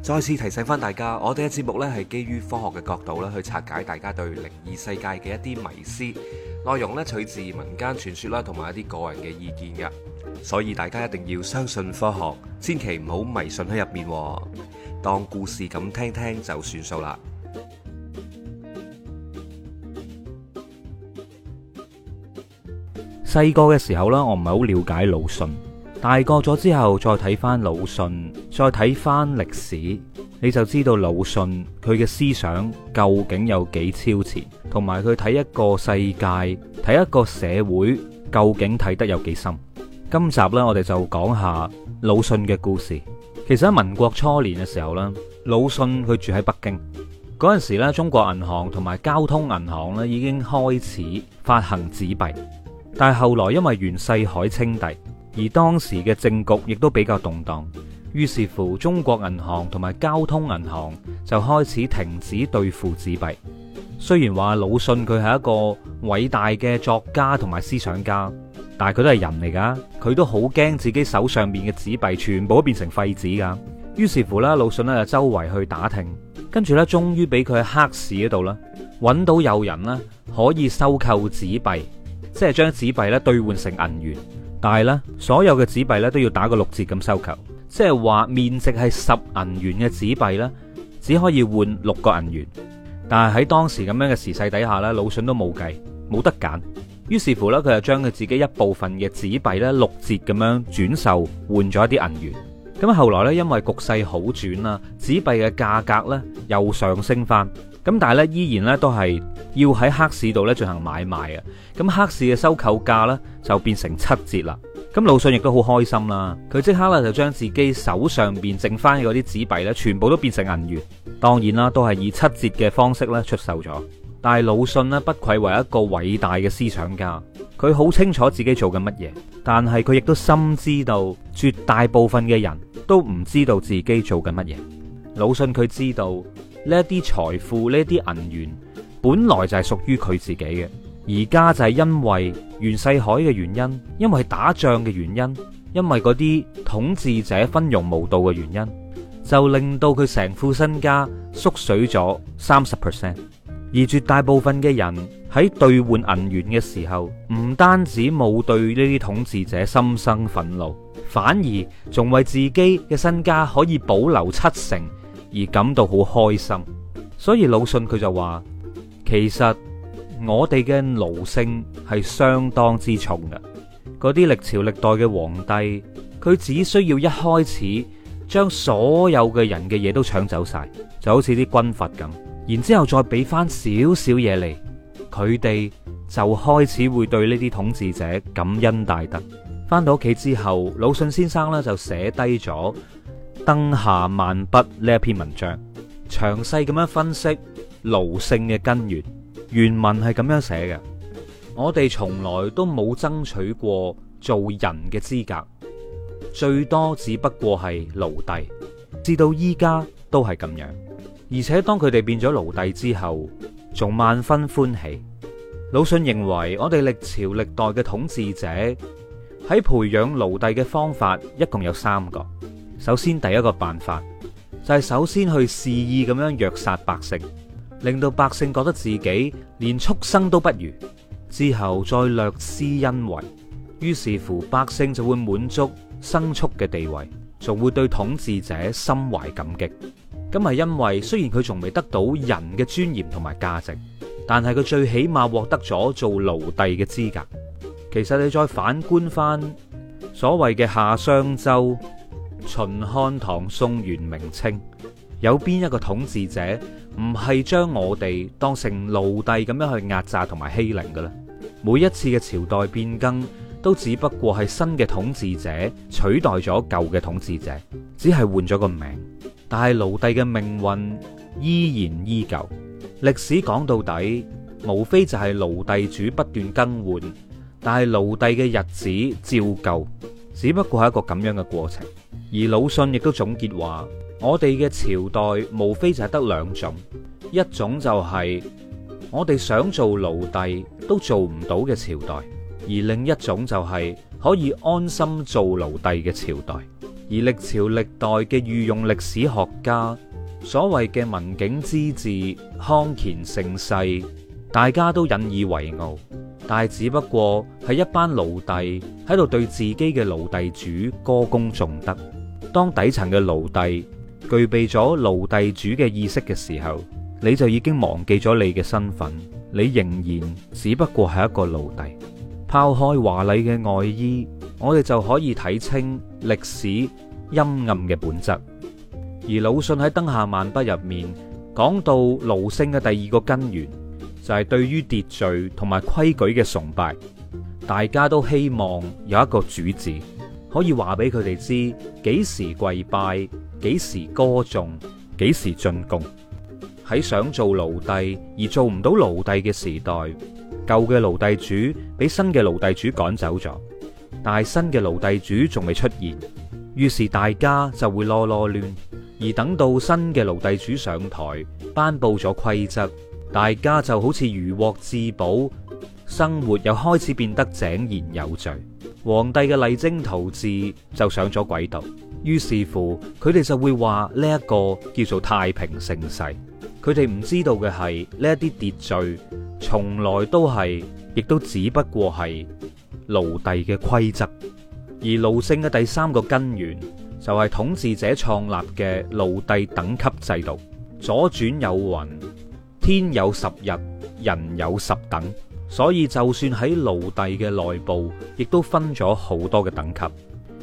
再次提醒翻大家，我哋嘅節目呢係基於科學嘅角度啦，去拆解大家對靈異世界嘅一啲迷思。內容呢取自民間傳說啦，同埋一啲個人嘅意見嘅，所以大家一定要相信科學，千祈唔好迷信喺入面，當故事咁聽聽就算數啦。細個嘅時候啦，我唔係好了解魯迅，大個咗之後再睇翻魯迅。再睇翻歷史，你就知道魯迅佢嘅思想究竟有幾超前，同埋佢睇一個世界、睇一個社會，究竟睇得有幾深。今集呢，我哋就講下魯迅嘅故事。其實喺民國初年嘅時候呢，魯迅佢住喺北京嗰陣時咧，中國銀行同埋交通銀行咧已經開始發行紙幣，但係後來因為袁世凱稱帝，而當時嘅政局亦都比較動盪。於是乎，中國銀行同埋交通銀行就開始停止兌付紙幣。雖然話魯迅佢係一個偉大嘅作家同埋思想家，但係佢都係人嚟噶，佢都好驚自己手上面嘅紙幣全部都變成廢紙噶。於是乎咧，魯迅咧就周圍去打聽，跟住咧，終於俾佢喺黑市嗰度啦，搵到有人咧可以收購紙幣，即係將紙幣咧兌換成銀元，但係咧所有嘅紙幣咧都要打個六折咁收購。即係話面值係十銀元嘅紙幣咧，只可以換六個銀元。但係喺當時咁樣嘅時勢底下呢，魯迅都冇計，冇得揀。於是乎呢，佢就將佢自己一部分嘅紙幣呢，六折咁樣轉售換咗一啲銀元。咁後來呢，因為局勢好轉啦，紙幣嘅價格呢又上升翻。咁但係呢，依然呢都係要喺黑市度呢進行買賣啊。咁黑市嘅收購價呢就變成七折啦。咁魯迅亦都好開心啦，佢即刻呢就將自己手上邊剩翻嘅嗰啲紙幣咧，全部都變成銀元。當然啦，都係以七折嘅方式咧出售咗。但係魯迅呢，不愧為一個偉大嘅思想家，佢好清楚自己做緊乜嘢。但係佢亦都深知道絕大部分嘅人都唔知道自己做緊乜嘢。魯迅佢知道呢一啲財富呢啲銀元，本來就係屬於佢自己嘅。而家就係因為袁世凱嘅原因，因為打仗嘅原因，因為嗰啲統治者昏庸無道嘅原因，就令到佢成副身家縮水咗三十 percent。而絕大部分嘅人喺兌換銀元嘅時候，唔單止冇對呢啲統治者心生憤怒，反而仲為自己嘅身家可以保留七成而感到好開心。所以魯迅佢就話，其實。我哋嘅奴性係相當之重嘅，嗰啲歷朝歷代嘅皇帝，佢只需要一開始將所有嘅人嘅嘢都搶走晒，就好似啲軍閥咁，然之後再俾翻少少嘢嚟，佢哋就開始會對呢啲統治者感恩戴德。翻到屋企之後，魯迅先生咧就寫低咗《燈下漫筆》呢一篇文章，詳細咁樣分析奴性嘅根源。原文係咁樣寫嘅，我哋從來都冇爭取過做人嘅資格，最多只不過係奴隸，至到依家都係咁樣。而且當佢哋變咗奴隸之後，仲萬分歡喜。魯迅認為我哋歷朝歷代嘅統治者喺培養奴隸嘅方法一共有三個。首先第一個辦法就係、是、首先去肆意咁樣虐殺百姓。令到百姓覺得自己連畜生都不如，之後再略施恩惠，於是乎百姓就會滿足牲畜嘅地位，仲會對統治者心懷感激。咁係因為雖然佢仲未得到人嘅尊嚴同埋價值，但係佢最起碼獲得咗做奴隸嘅資格。其實你再反觀翻所謂嘅夏商周、秦漢唐宋元明清，有邊一個統治者？唔係將我哋當成奴隸咁樣去壓榨同埋欺凌㗎喇，每一次嘅朝代變更都只不過係新嘅統治者取代咗舊嘅統治者，只係換咗個名，但係奴隸嘅命運依然依舊。歷史講到底，無非就係奴隸主不斷更換，但係奴隸嘅日子照舊，只不過係一個咁樣嘅過程。而魯迅亦都總結話。我哋嘅朝代無非就係得兩種，一種就係我哋想做奴隸都做唔到嘅朝代，而另一種就係可以安心做奴隸嘅朝代。而歷朝歷代嘅御用歷史學家，所謂嘅文景之治、康乾盛世，大家都引以為傲，但係只不過係一班奴隸喺度對自己嘅奴隸主歌功頌德，當底層嘅奴隸。具備咗奴隸主嘅意識嘅時候，你就已經忘記咗你嘅身份，你仍然只不過係一個奴隸。拋開華麗嘅外衣，我哋就可以睇清歷史陰暗嘅本質。而魯迅喺《燈下漫筆》入面講到，奴性嘅第二個根源就係對於秩序同埋規矩嘅崇拜，大家都希望有一個主子。可以話俾佢哋知，幾時跪拜，幾時歌頌，幾時進貢。喺想做奴隸而做唔到奴隸嘅時代，舊嘅奴隸主俾新嘅奴隸主趕走咗，但係新嘅奴隸主仲未出現，於是大家就會囉囉攣。而等到新嘅奴隸主上台，頒布咗規則，大家就好似如獲至寶，生活又開始變得井然有序。皇帝嘅勵精圖治就上咗軌道，於是乎佢哋就會話呢一個叫做太平盛世。佢哋唔知道嘅係呢一啲秩序從來都係，亦都只不過係奴隸嘅規則。而奴性嘅第三個根源就係統治者創立嘅奴隸等級制度。左轉有云，天有十日，人有十等。所以，就算喺奴隸嘅內部，亦都分咗好多嘅等級。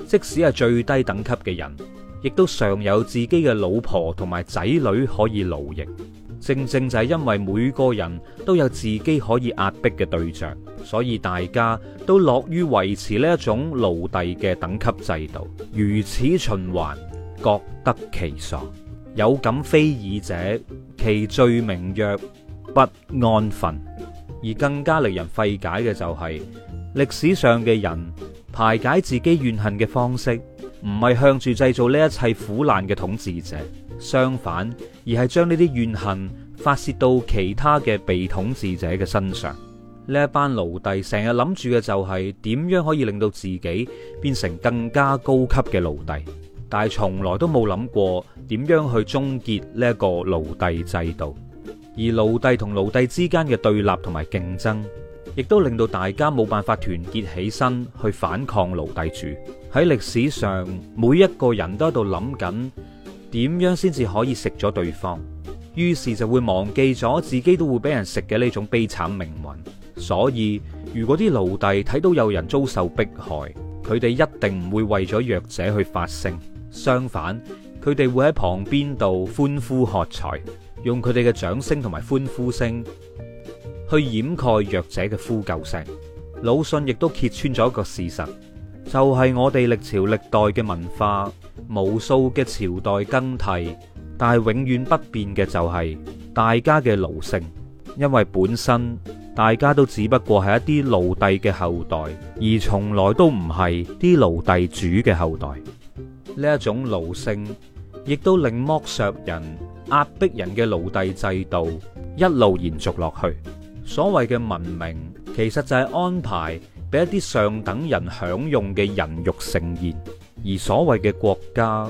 即使係最低等級嘅人，亦都常有自己嘅老婆同埋仔女可以奴役。正正就係因為每個人都有自己可以壓迫嘅對象，所以大家都樂於維持呢一種奴隸嘅等級制度。如此循環，各得其所。有敢非議者，其罪名曰不安分。而更加令人費解嘅就係、是、歷史上嘅人排解自己怨恨嘅方式，唔係向住製造呢一切苦難嘅統治者，相反，而係將呢啲怨恨發洩到其他嘅被統治者嘅身上。呢一班奴隸成日諗住嘅就係、是、點樣可以令到自己變成更加高級嘅奴隸，但係從來都冇諗過點樣去終結呢一個奴隸制度。而奴隸同奴隸之間嘅對立同埋競爭，亦都令到大家冇辦法團結起身去反抗奴隸主。喺歷史上，每一個人都喺度諗緊點樣先至可以食咗對方，於是就會忘記咗自己都會俾人食嘅呢種悲慘命運。所以，如果啲奴隸睇到有人遭受迫害，佢哋一定唔會為咗弱者去發聲，相反，佢哋會喺旁邊度歡呼喝彩。用佢哋嘅掌聲同埋歡呼聲去掩蓋弱者嘅呼救聲。魯迅亦都揭穿咗一個事實，就係、是、我哋歷朝歷代嘅文化，無數嘅朝代更替，但係永遠不變嘅就係大家嘅奴性，因為本身大家都只不過係一啲奴隸嘅後代，而從來都唔係啲奴隸主嘅後代。呢一種奴性，亦都令剝削人。壓迫人嘅奴隸制度一路延續落去。所謂嘅文明，其實就係安排俾一啲上等人享用嘅人肉盛宴。而所謂嘅國家，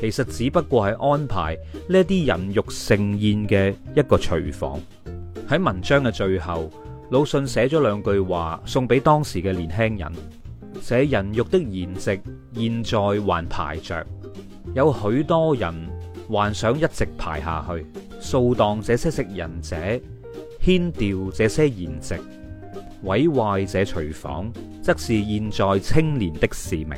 其實只不過係安排呢啲人肉盛宴嘅一個廚房。喺文章嘅最後，魯迅寫咗兩句話送俾當時嘅年輕人：這人肉的筵席，現在還排着，有許多人，還想一直排下去，掃蕩這些食人者，掀掉這些筵席，毀壞這廚房，則是現在青年的使命。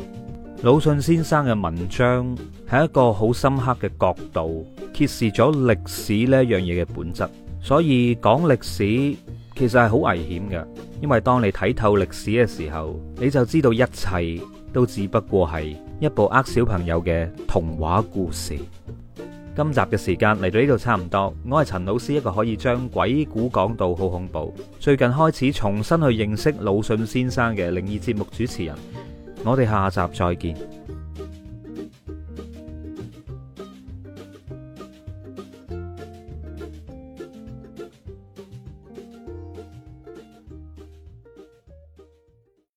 魯迅先生嘅文章喺一個好深刻嘅角度揭示咗歷史呢一樣嘢嘅本質。所以講歷史其實係好危險嘅，因為當你睇透歷史嘅時候，你就知道一切都只不過係一部呃小朋友嘅童話故事。今集嘅時間嚟到呢度差唔多，我係陳老師，一個可以將鬼故講到好恐怖，最近開始重新去認識魯迅先生嘅靈異節目主持人，我哋下集再見。